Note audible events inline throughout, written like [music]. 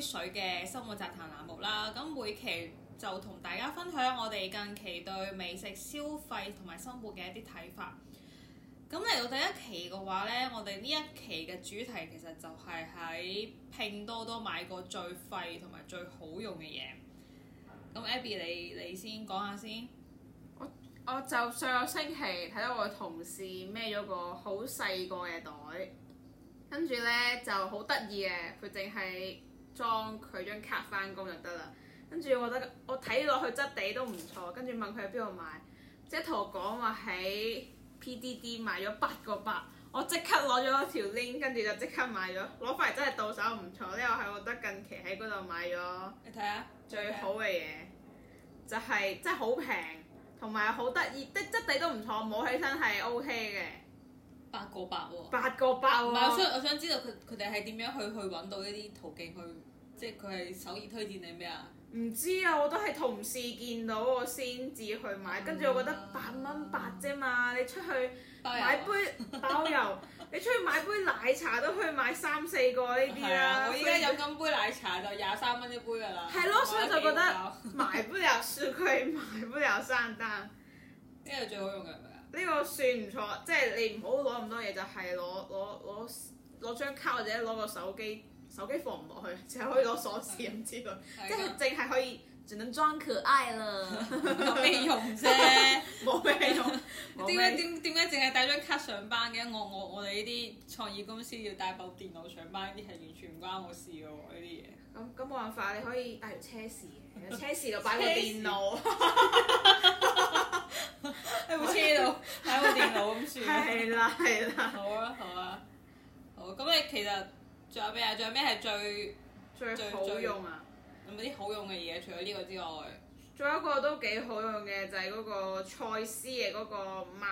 水嘅生活雜談欄目啦，咁每期就同大家分享我哋近期對美食消費同埋生活嘅一啲睇法。咁嚟到第一期嘅話呢，我哋呢一期嘅主題其實就係喺拼多多買過最廢同埋最好用嘅嘢。咁 Abby，你你先講下先。我就上個星期睇到我同事孭咗個好細個嘅袋，跟住呢就好得意嘅，佢淨係。裝佢張卡翻工就得啦，跟住我覺得我睇落去質地都唔錯，跟住問佢喺邊度買，即係同我講話喺 PDD 買咗八個八，我即刻攞咗條 link，跟住就即刻買咗，攞翻嚟真係到手唔錯，呢個係我覺得近期喺嗰度買咗。你睇下最好嘅嘢，就係真係好平，同埋好得意，即係質地都唔錯，摸起身係 OK 嘅。八個八喎，八個八喎。唔，我想知道佢佢哋係點樣去去揾到呢啲途徑去，即係佢係首頁推薦定咩啊？唔知啊，我都係同事見到我先至去買，跟住我覺得八蚊八啫嘛，你出去買杯包郵，你出去買杯奶茶都可以買三四個呢啲啊，我依家飲咁杯奶茶就廿三蚊一杯㗎啦。係咯，所以就覺得買不了虧，買不了上當。呢又最好用嘅。呢個算唔錯，即係你唔好攞咁多嘢，就係攞攞攞攞張卡或者攞個手機，手機放唔落去，淨係可以攞鎖匙咁知道，的即係淨係可以，只能裝可愛啦，冇咩 [laughs] 用啫，冇咩 [laughs] 用。點解點點解淨係帶張卡上班嘅？我我我哋呢啲創意公司要帶部電腦上班，呢啲係完全唔關我事㗎喎，呢啲嘢。咁咁冇辦法，你可以帶條車匙，車匙就擺部電腦。車匙 [laughs] 喺部車度，喺部 [laughs] [laughs] 電腦咁算。 [laughs] 係啦，係啦。好啊，好啊。好，咁你其實仲有咩啊？仲有咩係最最好用啊？有冇啲好用嘅嘢？除咗呢個之外，仲有一個都幾好用嘅，就係、是、嗰個蔡司嘅嗰個抹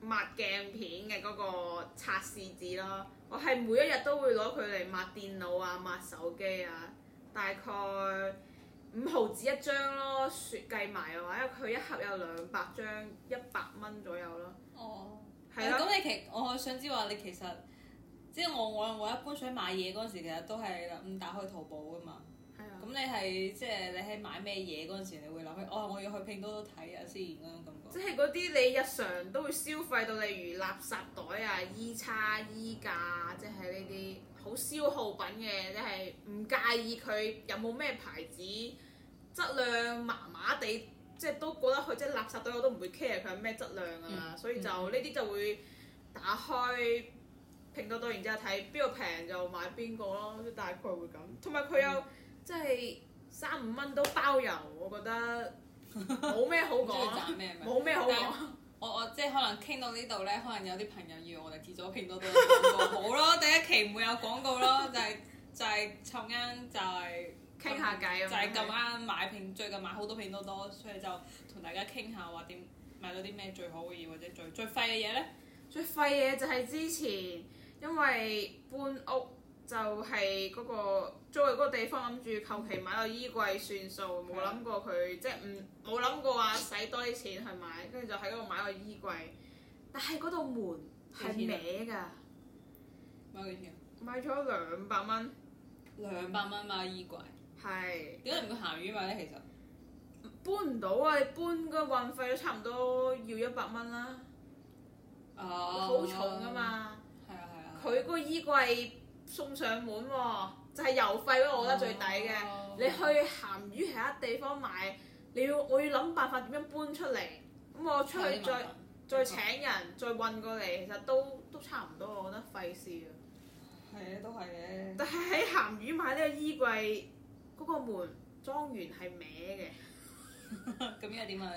抹鏡片嘅嗰個擦拭紙咯。我係每一日都會攞佢嚟抹電腦啊，抹手機啊，大概。五毫紙一張咯，雪算計埋嘅話，因為佢一盒有兩百張，一百蚊左右咯。哦，係啊，咁、嗯、你其實，我想知話，你其實，即係我我我一般想買嘢嗰陣時，其實都係啦，唔打開淘寶㗎嘛。咁你係即係你喺買咩嘢嗰陣時，你會諗起，哦，我要去拼多多睇下先嗰種感覺。即係嗰啲你日常都會消費到，例如垃圾袋啊、衣、e、叉、衣架、e、即係呢啲好消耗品嘅，即係唔介意佢有冇咩牌子，質量麻麻地，即係都覺得佢，即係垃圾袋我都唔會 care 佢係咩質量啊，嗯、所以就呢啲、嗯、就會打開拼多多，然之後睇邊個平就買邊個咯，即大概會咁。同埋佢又。嗯即係三五蚊都包郵，我覺得冇咩好講，冇咩 [laughs] 好講。 [laughs] 我我即係可能傾到呢度咧，可能有啲朋友要我哋接咗拼多多廣告。 [laughs] 好咯，第一期唔會有廣告咯、 [laughs] 就係，就係、係、就係趁啱就係傾下偈，就係咁啱買平，最近買好多拼多多，所以就同大家傾下話點買到啲咩最好嘅嘢，或者最最廢嘅嘢咧。最廢嘢就係之前因為搬屋。就係嗰，那個租嚟嗰個地方，諗住求其買個衣櫃算數，冇諗是的 過佢即係唔冇諗過話使多啲錢去買，跟住就喺嗰度買個衣櫃。但係嗰道門係歪㗎。買幾錢啊？買咗兩百蚊，兩百蚊買，啊，衣櫃。係是。點解唔閒魚買咧？其實搬唔到啊！你搬個運費都差唔多要一百蚊啦。哦。好重啊嘛。係啊係啊。佢個衣櫃。送上門喎、哦，就係、係、郵費我覺得最抵嘅。哦、你去鹹魚其他地方買，你要我要諗辦法點樣搬出嚟，咁我出去再再，再請人再運過嚟，其實都都差唔多，我覺得費事啊。係啊，都係嘅。但係喺鹹魚買呢個衣櫃，嗰、嗰個門裝完係歪嘅。咁依家點啊？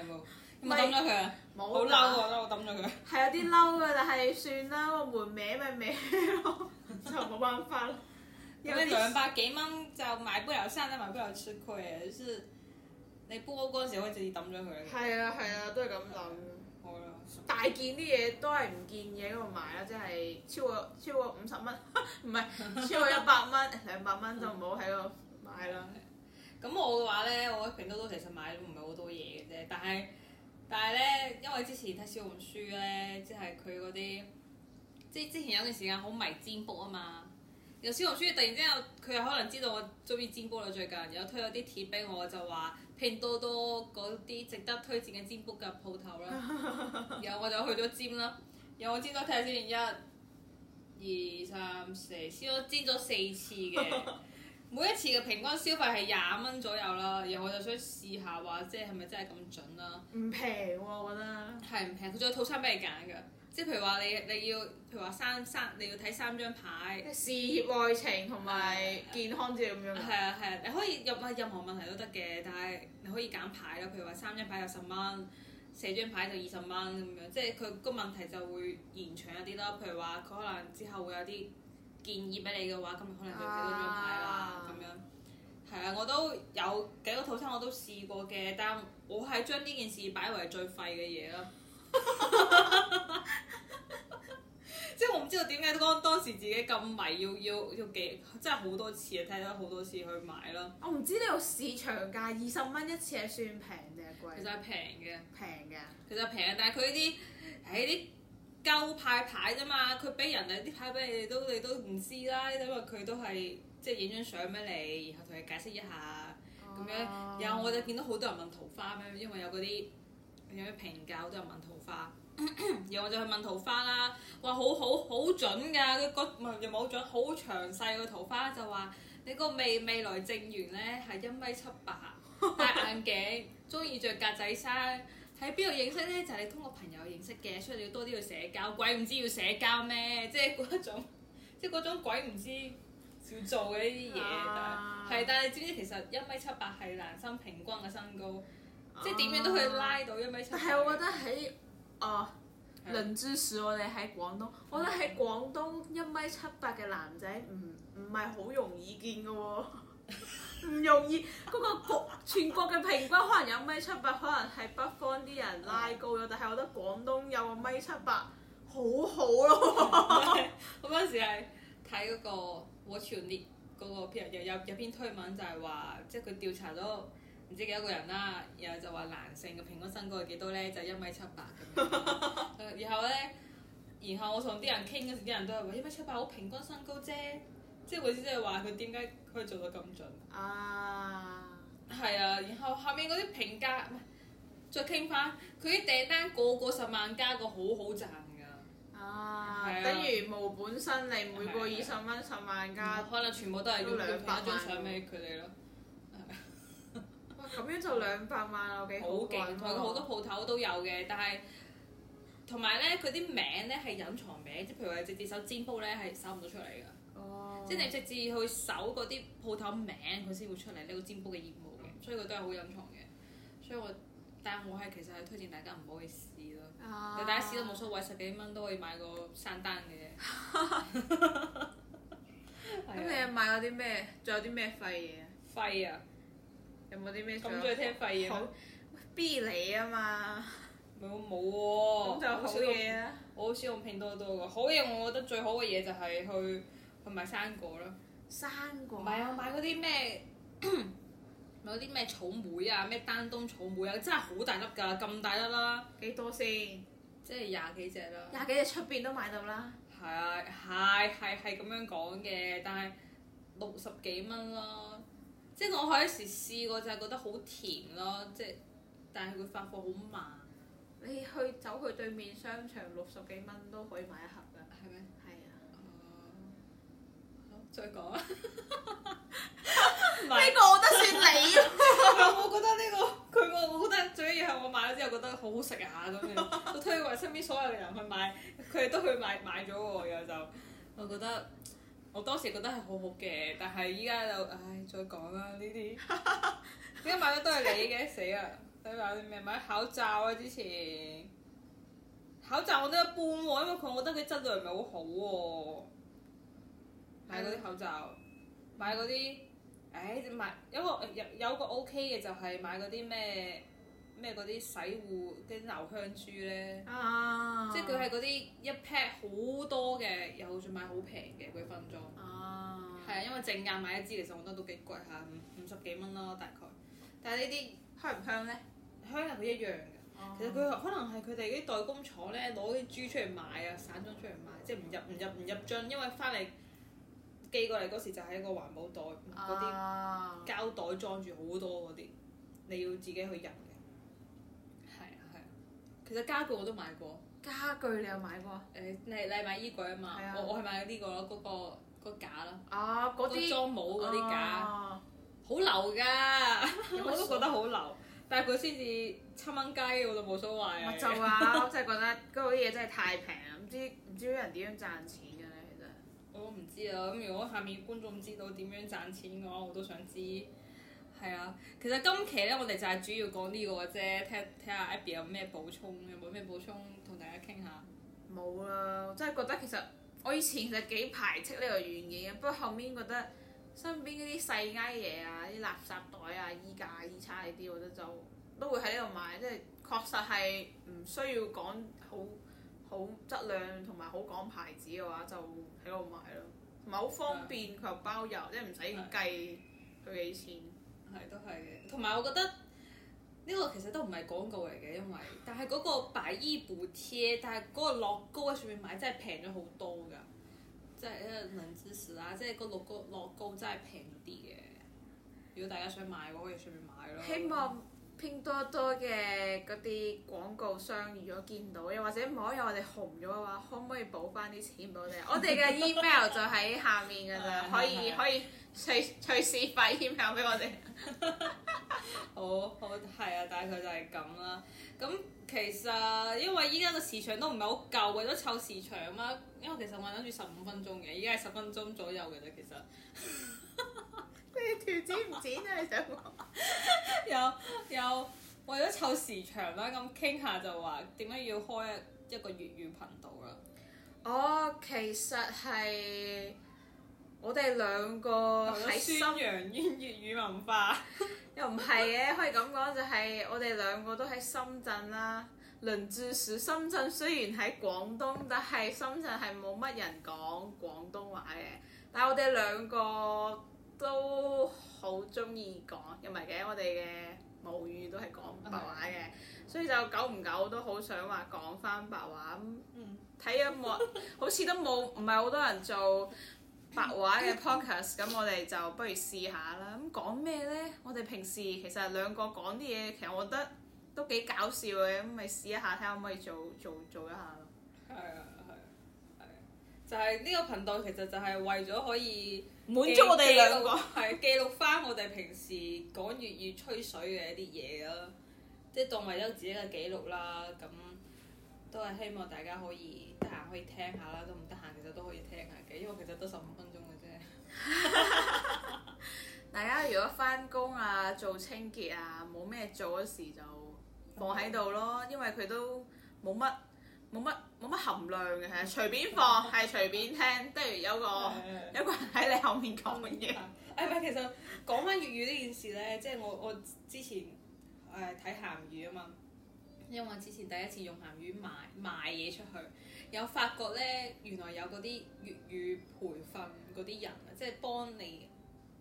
你冇冇抌咗佢啊？冇。好嬲啊！我覺得我抌咗佢。係有啲嬲嘅，但係算啦，個門歪咪歪咯。就冇辦法？嗰啲 [laughs] 兩百幾蚊就買不了上當，你 [laughs] 買不了吃虧、就是、 [laughs] 啊！就你波嗰時可以直接抌咗佢。係啊係啊，都係咁諗。 [laughs] 大件啲嘢都係唔建議喺度買啦，即係超過超過五十蚊，唔係超過一百蚊、兩百蚊就唔好喺度買啦。咁 [laughs] [laughs] 我嘅話咧，我喺拼多多其實買唔係好多嘢嘅啫，但係但係咧，因為之前睇小紅書咧，即係佢嗰啲。即係之前有段時間好迷占卜啊嘛，然後小紅書突然之間佢又可能知道我中意占卜啦最近，有推咗啲貼俾我，就話拼多多嗰啲值得推薦嘅占卜嘅鋪頭啦。 [laughs] 然後我就去咗占啦。然後我占咗睇下先，一、二、三、四，先我占咗四次嘅， [laughs] 每一次嘅平均消費係廿蚊左右啦。然後我就想試下話，即係係咪真係咁準啦？唔平喎，我覺得。係唔平？佢仲有套餐俾你揀㗎。即係譬如話你你要譬如話三三你要睇三張牌，事業、愛情同埋健康之類咁樣。係啊係啊，你可以任任何問題都得嘅，但係你可以揀牌咯。譬如話三張牌就十蚊，四張牌就二十蚊咁樣。即係佢個問題就會延長一啲啦。譬如話佢可能之後會有啲建議俾你嘅話，咁可能就要睇多張牌啦咁、啊、樣。係啊，我都有幾個套餐我都試過嘅，但我係將呢件事擺為最廢嘅嘢咯。 [laughs] [laughs] 即係我唔知道點解當當時自己咁迷，要要要幾，真係好多次啊，睇咗好多次去買啦。我唔知呢個市場價二十蚊一次係算平定係貴？其實係平嘅，平嘅。其實平，但係佢啲，唉啲舊派牌啫嘛，佢俾人哋啲牌俾你哋都你都唔知啦，因為佢都係即係影張相俾你，然後同你解釋一下咁樣。然後、oh. 我就見到好多人問桃花咩，因為有嗰啲有啲評價，好多人問桃花。 [coughs] 然後我就去問桃花啦，哇，好好好準㗎，佢個又冇係好準，好詳細，個桃花就話你個未未來正緣咧係一米七八，戴眼鏡，中意着格仔衫，喺邊度認識咧？就係、是、你通過朋友認識嘅，所以你要多啲去社交。鬼唔知要社交咩？即係嗰一種，即係嗰種鬼唔知要做嘅呢啲嘢。但係，但係你知唔知其實一米七八係男生平均嘅身高，即係點樣都可以拉到一米七、啊。但係我覺得喺哦，林之樹，我哋喺廣東，我覺得喺廣東一米七八嘅男仔唔唔係好容易見嘅喎、哦，唔 [laughs] 容易，嗰、那個全國嘅平均可能有米七八，8, 可能係北方啲人拉高咗，嗯、但係我覺得廣東有米七八好好咯。 [laughs] [laughs] [laughs] 我嗰陣時係睇嗰個 Watch Your n e e 嗰個，譬如有有有篇推文就係話，即係佢調查咗。唔知幾多個人啦、啊，然後就話男性嘅平均身高係幾多咧？就一米七八咁然後咧，然後我同啲人傾嗰時，啲人都係話一米七八好平均身高啫，即係為即係話佢點解可以做到咁準。啊！係啊，然後下面嗰啲評價，再傾翻佢啲訂單，個個十萬加個好好賺㗎。賺啊！啊等如冇本身，你每個二十蚊十萬加，可能全部都係用同一張相俾佢哋咯。咁樣就兩百萬有幾好勁喎、哦！佢好、啊、多鋪頭都有嘅，但係同埋咧，佢啲名咧係隱藏名，即譬如話直接搜占卜咧係搜唔到出嚟噶。哦，即係你直接去搜嗰啲鋪頭名，佢先會出嚟呢個占卜嘅業務嘅，所以佢都係好隱藏嘅。所以我但係我係其實係推薦大家唔好去試咯。啊！你第一次都冇所謂，十幾蚊都可以買個三單嘅。咁你又買咗啲咩？仲有啲咩廢嘢啊？廢 啊！有冇啲咩？咁中意聽廢嘢？好，逼你啊嘛！冇冇喎？咁就好嘢啦！我好少用拼多多噶，好嘢我覺得最好嘅嘢就係去去買生果啦。生果？唔係啊，我買嗰啲咩？買嗰啲咩草莓啊？咩丹東草莓啊？真係好大粒㗎，咁大粒啦！幾多先？即係廿幾隻啦。廿幾隻出面都買到啦？係啊，係係係咁樣講嘅，但係六十幾蚊囉。即係我可以試過，我就係覺得好甜咯，即係，但係佢發貨好慢。你去走佢對面商場，六十幾蚊都可以買一盒啦，係咪？係啊。哦。再講。呢個我都算你 [laughs] [laughs] 我覺得呢、呢個佢我，我覺得最緊要係我買咗之後覺得好好食啊咁樣，我推勻身邊所有嘅人去買，佢哋都去買買咗喎又就。我覺得。我當時覺得係好好嘅，但係依家就唉，再講啦呢啲，點解 [laughs] 買咗都係你嘅死啊！想 [laughs] 買啲咩？買口罩啊！之前口罩我都一般喎、啊，因為佢我覺得佢質量唔係好好、啊、喎，買嗰啲口罩，的買嗰啲，唉、哎、買有一個有有一個 O K 嘅就係買嗰啲咩？咩嗰啲洗護啲留香珠咧，啊、即係佢係嗰啲一 pack 好多嘅，又好似買好平嘅佢分裝，係啊，因為正價買一支其實我覺得都幾貴下，五十幾蚊囉大概。但係呢啲香唔香咧？香係佢一樣嘅，啊、其實佢可能係佢哋啲代工廠咧攞啲珠出嚟賣啊，散裝出嚟賣，即係唔入唔入唔入樽，因為翻嚟寄過嚟嗰時就係一個環保袋嗰啲膠袋裝住好多嗰啲，你要自己去入。其實家具我都買過，家具你有買過、欸、你你買啊？誒，你你買衣櫃啊嘛，我我係買咗、這、呢個咯，嗰、嗰個嗰架咯。啊，嗰啲裝模嗰啲、嗰個、架，哦、啊，好流噶， [laughs] 我都覺得好流。但係佢先至七蚊雞，我都冇所謂啊。 [laughs] 我就話真係覺得嗰度啲嘢真係太平，唔知唔知啲人點樣賺錢㗎咧？其實我唔知啊。咁如果下面觀眾知道點樣賺錢嘅話，我都想知。嗯。係啊，其實今期咧，我哋就係主要講呢個啫。睇睇下 Abby 有咩補充，有冇咩補充同大家傾下？冇啦，我真係覺得其實我以前其實幾排斥呢個軟件，不過後面覺得身邊嗰啲細埃嘢啊、啲垃圾袋啊、衣架、啊、衣叉嗰啲，我覺得就都會喺度買，即係確實係唔需要講好好質量同埋好講牌子嘅話，就喺度買咯，同埋好方便，佢又 Yeah. 包郵，即係唔使計佢幾錢。係都係嘅，同埋我覺得呢個其實都唔係廣告嚟嘅，因為但係嗰個百億補貼，但係嗰個樂高喺上面買真係平咗好多㗎，即係嗰個零食啦，即係嗰個樂高樂高，真係平啲嘅。如果大家想買嘅話，喺上面買咯。希望拼多多嘅嗰啲廣告商，如果見唔到又或者唔可以，我哋紅咗嘅話，可唔可以補翻啲錢俾我哋？我哋嘅 email 就喺下面㗎喇，可以可以隨 [laughs] 隨時發 email 俾我哋。 [laughs] 好，好係啊，大概就係咁啦。咁其實因為依家個時長都唔係好夠，為咗湊時長啊嘛。因為其實我諗住十五分鐘嘅，依家係十分鐘左右嘅啫。其實 [laughs] 你條剪唔剪啊？你想講？ [laughs] 有有，為咗湊時長啦，咁傾下就話點解要開一一個粵語頻道啦。哦，其實係我哋兩個喺宣揚粵語文化， [laughs] 又唔係嘅，可以咁講就係、是、我哋兩個都喺深圳啦、啊，輪住住。深圳雖然喺廣東，但係深圳係冇乜人講廣東話嘅，但係我哋兩個。都好中意講，又唔係嘅。我哋嘅母語都係講白話嘅，嗯、所以就久唔久都好想話講翻白話，咁。睇有冇好似都冇，唔係好多人做白話嘅 podcast。咁 [laughs] 我哋就不如試下啦。咁講咩咧？我哋平時其實兩個講啲嘢，其實我覺得都幾搞笑嘅。咁咪試一下睇下可唔可以做做做一下。但係呢個頻道，其實就係為咗可以滿足我哋兩個，係記錄翻我哋平時講粵語吹水嘅一啲嘢咯。即係 [laughs] 當為咗自己嘅記錄啦。咁都係希望大家可以得閒可以聽下啦，都唔得閒其實都可以聽下嘅，因為其實都十五分鐘嘅啫。 [laughs] [laughs] [laughs] 大家如果翻工啊、做清潔啊、冇咩做嗰時就放喺度咯，因為佢都冇乜。冇乜冇乜含量嘅，係隨便放，係 [music] 隨便聽。得 [music] 如有個 [music] 有個人喺你後面講嘢。誒 [noise] 唔樂 [laughs] 其實講翻粵語呢件事咧，即係我我之前誒睇鹹魚啊嘛，因為我之前第一次用鹹魚賣賣嘢出去，有發覺咧原來有嗰啲粵語培訓嗰啲人啊，即係幫你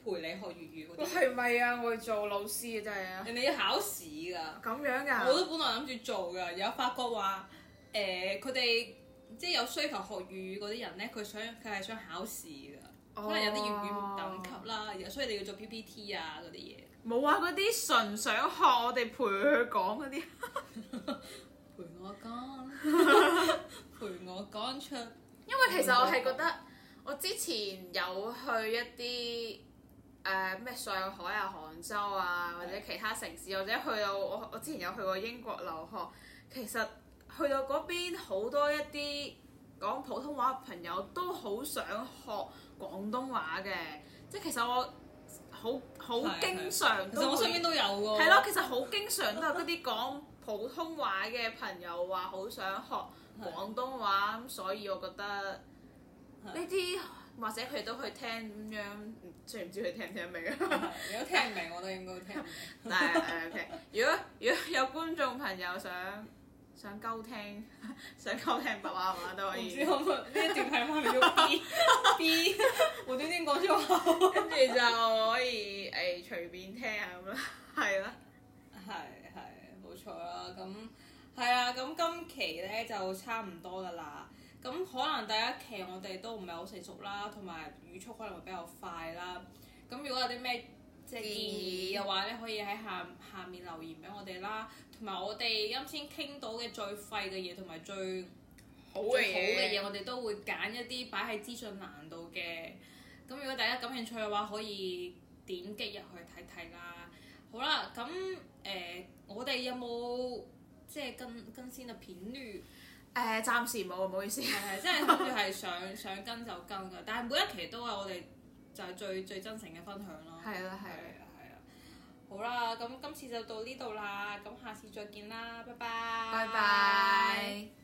陪你學粵語嗰啲。係咪啊？我去做老師啊，真係啊！人哋 [music] 要考試㗎。咁樣㗎？ [music] 我都本來諗住做㗎，有發覺話。誒，佢哋、呃、即係有需求學粵語嗰啲人咧，佢想佢係想考試㗎，oh。可能有啲粵語等級啦，而所以你要做 PPT 啊嗰啲嘢。冇啊，嗰啲純想學我，我哋陪佢講嗰啲。陪我講。 [laughs] 陪我講出。因為其實我係覺得，我，我之前有去一啲誒咩上海啊、杭州啊或者其他城市，或者去到我我之前有去過英國留學，其實。去到嗰邊好多一啲講普通話嘅朋友都好想學廣東話嘅，即係其實我好好經常，其實我身邊都有喎。係咯，其實好經常都有嗰啲講普通話嘅朋友話好想學廣東話，咁的所以我覺得呢啲的或者佢都去聽咁樣，雖然唔知佢聽唔聽得明。如果聽唔明，我都應該聽。 [laughs] 但係 OK，如果如果有觀眾朋友想，想溝聽，想溝聽白話話都可以。唔 [laughs] 知可唔可以一直睇翻你個 B B？無端端講錯。跟住就可以誒隨便聽下咁咯。係 [laughs] 啦 [laughs] 了，係係冇錯啦。咁係啊，咁今期咧就差唔多㗎啦。咁可能第一期我哋都唔係好成熟啦，同埋語速可能會比較快啦。咁如果有啲咩，即係建議嘅話咧，正你可以喺下下面留言俾我哋啦。同埋我哋今天傾到嘅最廢嘅嘢，同埋最，最好嘅嘢，我哋都會揀一啲擺喺資訊欄度嘅。咁如果大家感興趣嘅話，可以點擊入去睇睇啦。好啦，咁誒、呃，我哋有冇即係更更新嘅片段呢？誒、呃，暫時冇，唔好意思。係係、呃，即係諗住係想想， [laughs] 想跟就跟噶，但係每一期都有我哋。就係最最真誠嘅分享咯，係啦係啦係啦，好啦，咁今次就到呢度啦，咁下次再見啦，拜拜。拜拜。